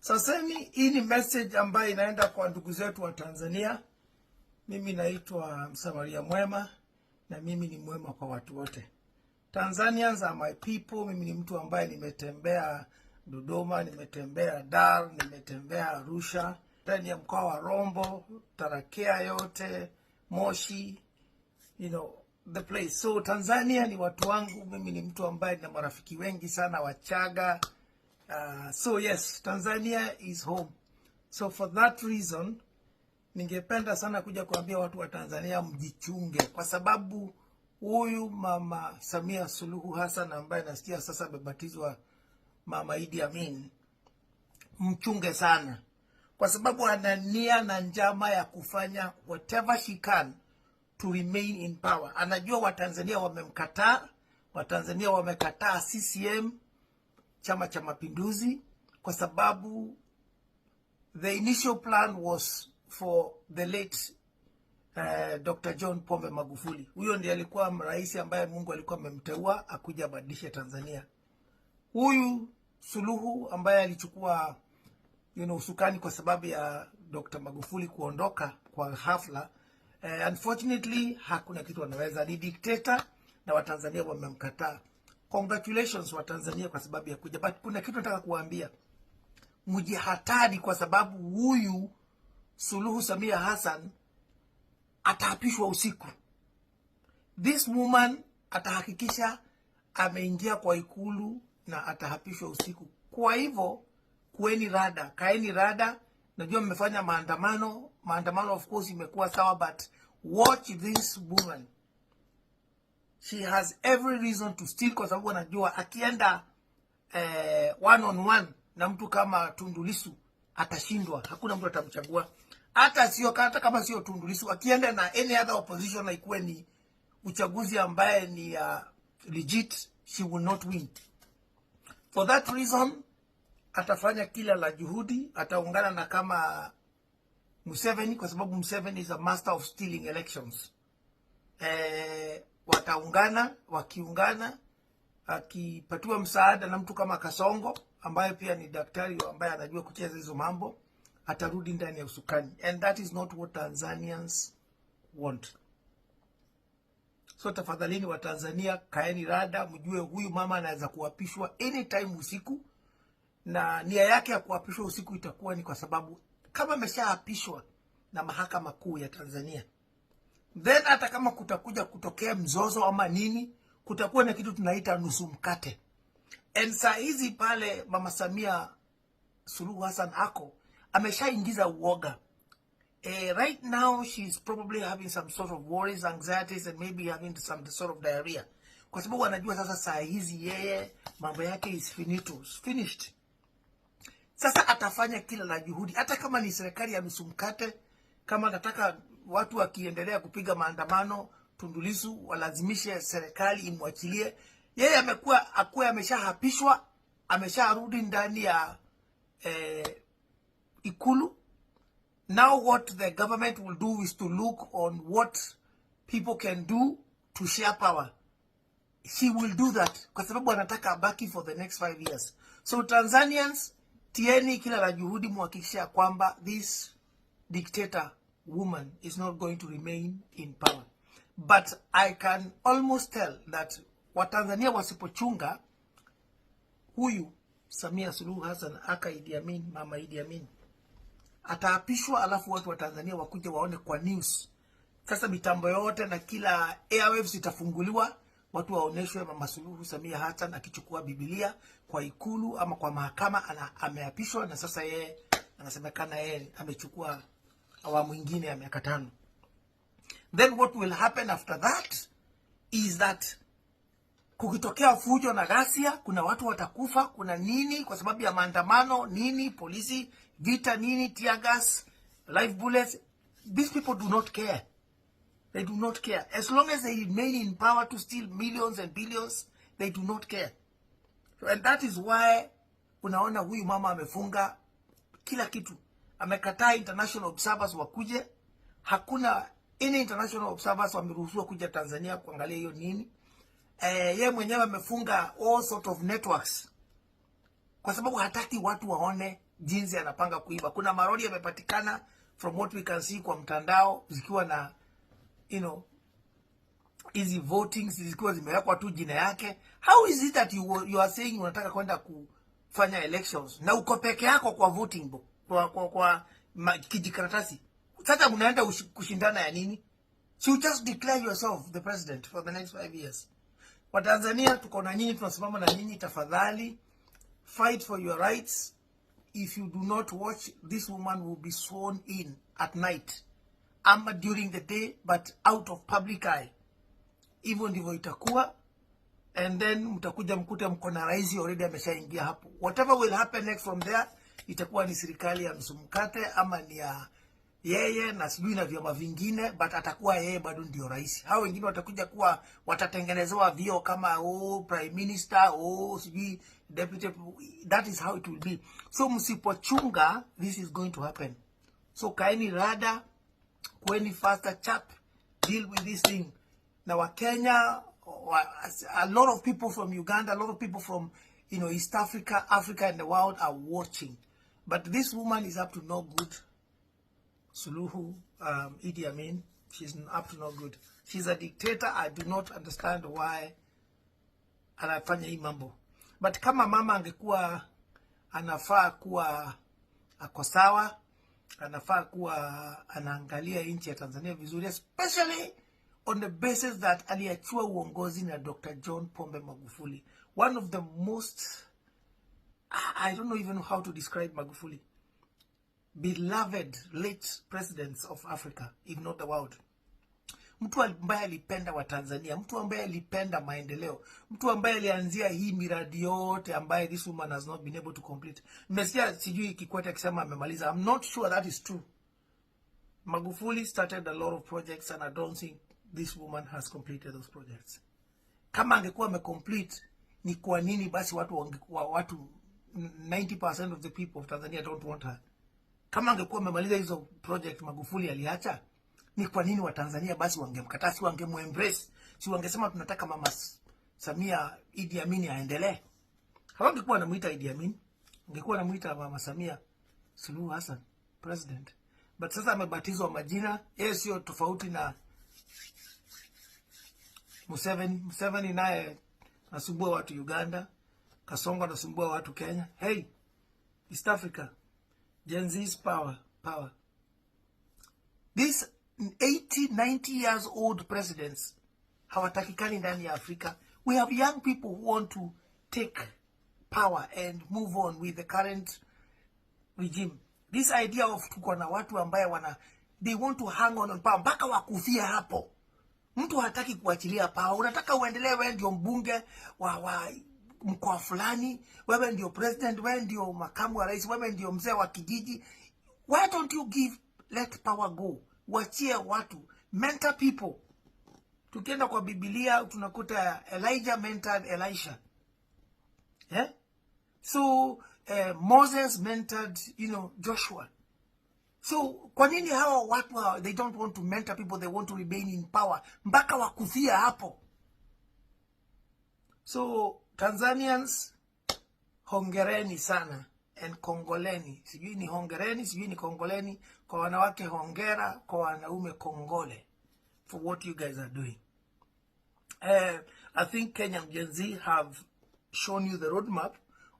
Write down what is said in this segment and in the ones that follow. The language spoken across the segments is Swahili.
Sasa hii ni message ambayo inaenda kwa ndugu zetu wa Tanzania. Mimi naitwa Msamaria mwema na mimi ni mwema kwa watu wote. Tanzanians are my people. Mimi ni mtu ambaye nimetembea Dodoma, nimetembea Dar, nimetembea Arusha, ndani ya mkoa wa Rombo, Tarakea yote, Moshi, you know, the place. So Tanzania ni watu wangu. Mimi ni mtu ambaye nina marafiki wengi sana Wachaga Uh, so yes, Tanzania is home. So for that reason ningependa sana kuja kuambia watu wa Tanzania mjichunge, kwa sababu huyu Mama Samia Suluhu Hassan ambaye nasikia sasa amebatizwa Mama Idi Amin, mchunge sana, kwa sababu ana nia na njama ya kufanya whatever she can to remain in power. Anajua Watanzania wamemkataa, Watanzania wamekataa CCM Chama cha Mapinduzi kwa sababu the initial plan was for the late uh, eh, Dr. John Pombe Magufuli. Huyo ndiye alikuwa rais ambaye Mungu alikuwa amemteua akuja abadilishe Tanzania. Huyu Suluhu ambaye alichukua you know, usukani kwa sababu ya Dr. Magufuli kuondoka kwa hafla uh, unfortunately hakuna kitu anaweza, ni dikteta na Watanzania wamemkataa. Congratulations wa Tanzania kwa sababu ya kuja, but kuna kitu nataka kuwaambia, mjihatari kwa sababu huyu Suluhu Samia Hassan ataapishwa usiku. This woman atahakikisha ameingia kwa ikulu na atahapishwa usiku. Kwa hivyo kueni rada, kaeni rada. Najua mmefanya maandamano, maandamano of course imekuwa sawa, but watch this woman she has every reason to steal, kwa sababu anajua akienda eh, one on one na mtu kama Tundu Lissu atashindwa, hakuna mtu atamchagua hata sio hata kama sio Tundu Lissu, akienda na any other opposition na ikuwe ni uchaguzi ambaye ni uh, legit, she will not win. For that reason atafanya kila la juhudi, ataungana na kama Museveni kwa sababu Museveni is a master of stealing elections eh, wataungana wakiungana, akipatiwa msaada na mtu kama Kasongo ambaye pia ni daktari ambaye anajua kucheza hizo mambo, atarudi ndani ya usukani, and that is not what Tanzanians want. So tafadhalini, wa Tanzania kaeni rada, mjue huyu mama anaweza kuapishwa anytime usiku, na nia yake ya kuapishwa usiku itakuwa ni kwa sababu kama ameshaapishwa na mahakama kuu ya Tanzania Then hata kama kutakuja kutokea mzozo ama nini, kutakuwa na kitu tunaita nusu mkate. And saa hizi pale Mama Samia Suluhu Hassan ako ameshaingiza uoga. Eh, right now she is probably having some sort of worries, anxieties and maybe having some sort of diarrhea. Kwa sababu anajua sasa saa hizi yeye mambo yake is finito, finished. Sasa atafanya kila la juhudi hata kama ni serikali ya nusu mkate kama nataka watu wakiendelea kupiga maandamano, Tundu walazimishe serikali imwachilie yeye. Amekuwa akuwe ameshahapishwa, amesharudi ndani ya eh, ikulu. Now what the government will do is to look on what people can do to share power. She will do that kwa sababu anataka abaki for the next five years. So Tanzanians, tieni kila la juhudi muhakikisha kwamba this dictator woman is not going to remain in power. But I can almost tell that Watanzania wasipochunga huyu Samia Suluhu Hassan aka Idi Amin, mama Idi Amin ataapishwa, alafu watu wa Tanzania wakuja waone kwa news. Sasa mitambo yote na kila airwaves itafunguliwa, watu waoneshwe mama Suluhu Samia Hassan akichukua Biblia kwa Ikulu ama kwa mahakama, ameapishwa na sasa yeye anasemekana yeye amechukua awamu ingine ya miaka tano. Then what will happen after that is that kukitokea fujo na ghasia, kuna watu watakufa, kuna nini, kwa sababu ya maandamano nini, polisi, vita nini, tear gas, live bullets. These people do not care, they do not care as long as they remain in power to steal millions and billions, they do not care. So, And that is why unaona huyu mama amefunga kila kitu amekataa international observers wakuje. Hakuna any international observers wameruhusiwa kuja Tanzania kuangalia hiyo nini. Eh, ye mwenyewe amefunga all sort of networks kwa sababu hataki watu waone jinsi anapanga kuiba. Kuna maroli yamepatikana from what we can see kwa mtandao zikiwa na you know hizi voting zikiwa zimewekwa tu jina yake. How is it that you, you are saying unataka kwenda kufanya elections na uko peke yako kwa voting book? kwa, kwa, kwa kijikaratasi. Sasa mnaenda kushindana ya nini? So just declare yourself the president for the next five years. Kwa Tanzania tuko na nyinyi, tunasimama na nyinyi. Tafadhali fight for your rights. If you do not watch, this woman will be sworn in at night ama during the day but out of public eye. Hivyo ndivyo itakuwa, and then mtakuja mkute mko na rais already ameshaingia hapo. Whatever will happen next from there itakuwa ni serikali ya msumkate ama ni ya yeye na sijui na vyama vingine, but atakuwa yeye bado ndio rais. Hao wengine watakuja kuwa watatengenezewa vio kama oh, prime minister oh, sijui deputy. That is how it will be. So msipochunga, this is going to happen. So kaeni rada, kweni faster chap, deal with this thing. Na Wakenya, a lot of people from Uganda, a lot of people from you know East Africa, Africa and the world are watching. But this woman is up to no good. Suluhu um, Idi Amin, she's up to no good. She's a dictator. I do not understand why anafanya hii mambo. But kama mama angekuwa anafaa kuwa ako sawa, anafaa kuwa anaangalia nchi ya Tanzania vizuri, especially on the basis that aliachua uongozi na Dr. John Pombe Magufuli, one of the most I don't know even how to describe Magufuli. Beloved late presidents of Africa, if not the world. Mtu ambaye alipenda wa Tanzania, mtu ambaye alipenda maendeleo, mtu ambaye alianzia hii miradi yote ambaye this woman has not been able to complete. Mesia sijui Kikwete akisema amemaliza. I'm not sure that is true. Magufuli started a lot of projects and I don't think this woman has completed those projects. Kama angekuwa amecomplete, ni kwa nini basi watu wangekuwa watu 90% of the people of Tanzania don't want her. Kama angekuwa amemaliza hizo project Magufuli aliacha, ni kwa nini Watanzania basi wangemkataa? Si wangemwembrace? Si wangesema tunataka mama Samia Idi Amin aendelee? Hawangekuwa anamuita Idi Amin, angekuwa anamuita mama Samia Suluhu Hassan president. But sasa amebatizwa majina, yeye sio tofauti na Museveni. Museveni naye asumbua watu Uganda. Kasongo anasumbua watu Kenya. Hey, East Africa, Gen Z is power, power. This 80, 90 years old presidents hawatakikani ndani ya Afrika. We have young people who want to take power and move on with the current regime. This idea of tuko na watu ambaye wana they want to hang on on power mpaka wakufia hapo. Mtu hataki kuachilia power, unataka uendelee wewe ndio mbunge wa, wa mkoa fulani, wewe ndio president, wewe ndio makamu wa rais, wewe ndio mzee wa kijiji. Why don't you give let power go? Wachie watu, mentor people. Tukienda kwa Biblia tunakuta Elijah mentored Elisha yeah? so uh, Moses mentored you know, Joshua So kwa nini hawa watu they don't want to mentor people, they want to remain in power mpaka wakufia hapo? So Tanzanians, hongereni sana and kongoleni. Sijui ni hongereni, sijui ni kongoleni. Kwa wanawake hongera, kwa wanaume kongole for what you guys are doing. Uh, I think Kenyan Gen Z have shown you the roadmap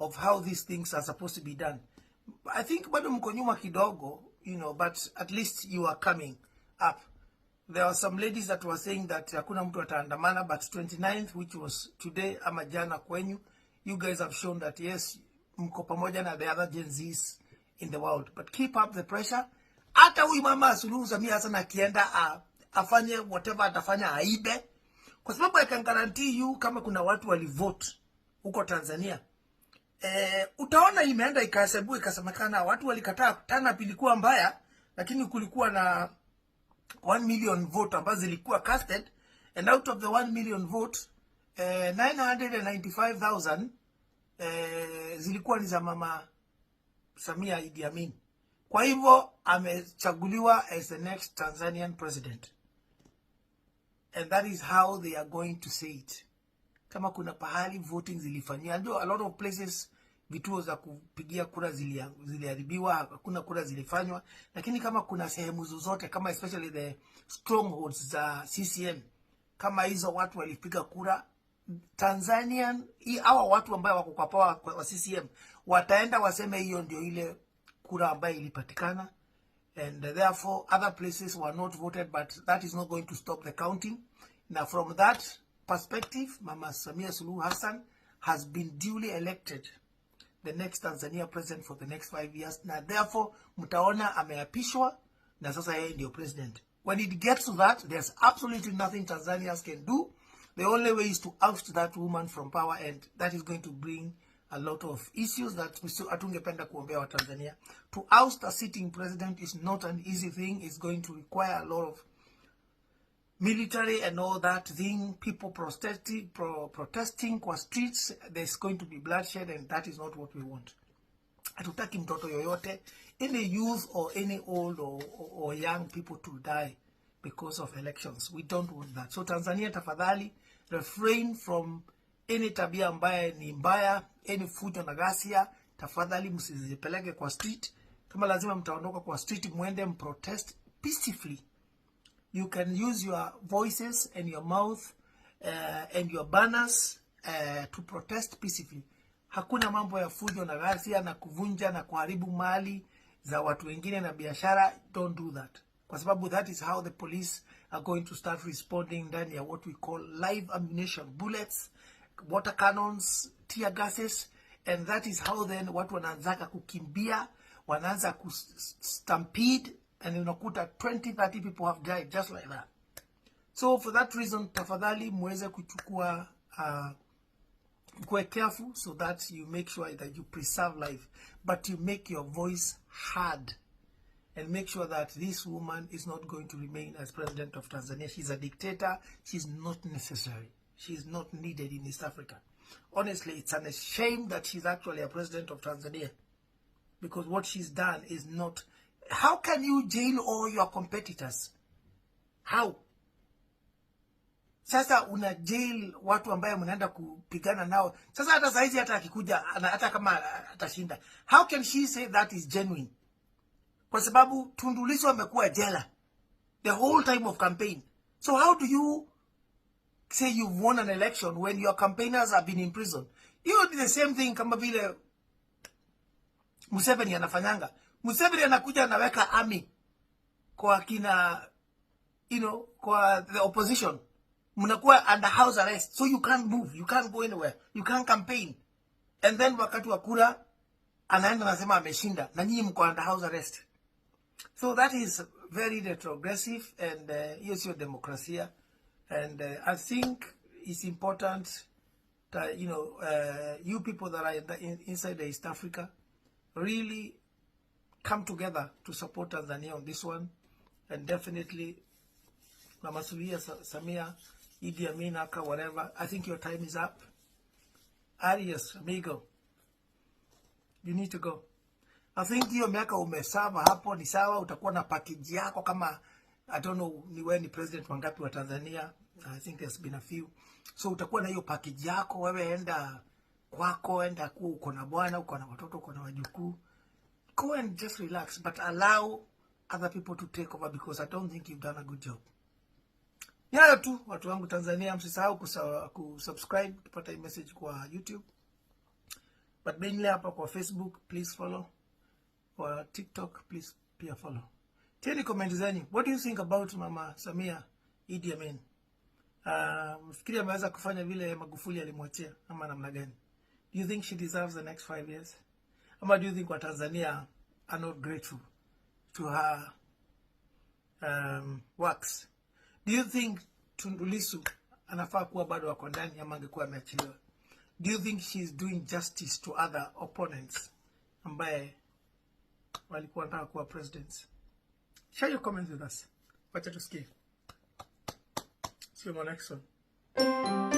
of how these things are supposed to be done. I think bado mko nyuma kidogo, you know, but at least you are coming up there were some ladies that were saying that hakuna mtu ataandamana but 29th which was today ama jana kwenyu you guys have shown that yes mko pamoja na the other Gen Zs in the world but keep up the pressure hata huyu mama Suluhu Samia Hassan akienda afanye whatever atafanya aibe kwa sababu I can guarantee you kama kuna watu walivote huko Tanzania eh, utaona imeenda ikahesabu ikasemekana watu walikataa tana pilikuwa mbaya lakini kulikuwa na 1 million vote ambazo zilikuwa casted and out of the 1 million vote eh, 995,000 eh, zilikuwa ni za mama Samia Idi Amin. Kwa hivyo amechaguliwa as the next Tanzanian president and that is how they are going to say it. Kama kuna pahali voting zilifanyia, a lot of places vituo za kupigia kura ziliharibiwa, hakuna kura zilifanywa. Lakini kama kuna sehemu zozote kama especially the strongholds za CCM kama hizo watu walipiga kura Tanzanian, hawa watu ambao wako kwa power wa CCM wataenda waseme hiyo ndio ile kura ambayo ilipatikana, and therefore other places were not voted, but that is not going to stop the counting. Now from that perspective, Mama Samia Suluhu Hassan has been duly elected the next Tanzania president for the next five years, na therefore mtaona ameapishwa na sasa yeye ndio president. When it gets to that, there's absolutely nothing Tanzanians can do. The only way is to oust that woman from power and that is going to bring a lot of issues that hatungependa kuombea tanzania To oust a sitting president is not an easy thing. It's going to require a lot of military and all that thing, people protesting, pro protesting kwa streets, there's going to be bloodshed and that is not what we want. Hatutaki mtoto yoyote, any youth or any old or, or, or young people to die because of elections. We don't want that. So Tanzania, tafadhali refrain from any tabia ambaye ni mbaya, any fujo na ghasia. Tafadhali msizipeleke kwa street. Kama lazima mtaondoka kwa street, mwende mprotest peacefully you can use your voices and your mouth uh, and your banners uh, to protest peacefully. Hakuna mambo ya fujo na ghasia na kuvunja na kuharibu mali za watu wengine na biashara. Don't do that, kwa sababu that is how the police are going to start responding ndani ya what we call live ammunition, bullets, water cannons, tear gases, and that is how then watu wanaanzaka kukimbia, wanaanza kustampede and in Okuta 20 30 people have died just like that. So for that reason, tafadhali muweze kuchukua uh, be careful so that you make sure that you preserve life, but you make your voice heard and make sure that this woman is not going to remain as president of Tanzania. She's a dictator. She's not necessary. She's not needed in East Africa. Honestly, it's a shame that she's actually a president of Tanzania because what she's done is not how can you jail all your competitors? How? Sasa una jail watu ambaye mnaenda kupigana nao. Sasa hata saizi hata akikuja hata kama atashinda. How can she say that is genuine? Kwa sababu Tundu Lissu amekuwa jela the whole time of campaign. So how do you say you've won an election when your campaigners have been in prison? Hiyo ni the same thing kama vile Museveni anafanyanga. Museveni anakuja anaweka army kwa kina you know, kwa the opposition, mnakuwa under house arrest, so you can't move, you can't go anywhere, you can't campaign. And then wakati wa kura anaenda anasema ameshinda, na nyinyi mko under house arrest. So that is very retrogressive and uh, hiyo uh, sio demokrasia and uh, I think it's important that you know uh, you people that are in the, in, inside the East Africa really come together to support Tanzania on this one and definitely Mama Samia, Samia Idi Amin, Aka, whatever. I think your time is up. Arias, amigo, you need to go. I think hiyo miaka umesava hapo ni sawa, utakuwa na package yako kama I don't know ni wewe ni president wangapi wa Tanzania. I think there's been a few. So utakuwa na hiyo package yako, wewe enda kwako, enda kuwa uko na bwana, uko na watoto, uko na wajukuu go and just relax, but allow other people to take over because I don't think you've done a good job. Ni tu watu wangu Tanzania, msisahau kusubscribe tupata hii message kwa YouTube, but mainly hapa kwa Facebook please follow, kwa TikTok please pia follow. Tieni comment zenu, what do you think about Mama Samia Idi Amin? Ah, Mfikiri ameweza kufanya vile Magufuli alimwachia ama namna gani? Do you think she deserves the next five years? Ama do you think Watanzania are not grateful to her um, works? Do you think Tundu Lissu anafaa kuwa bado wako ndani ama angekuwa ameachiliwa? Do you think she is doing justice to other opponents ambaye walikuwa wanataka kuwa president Share your comments with us. Wacha tusikie. See you on next one.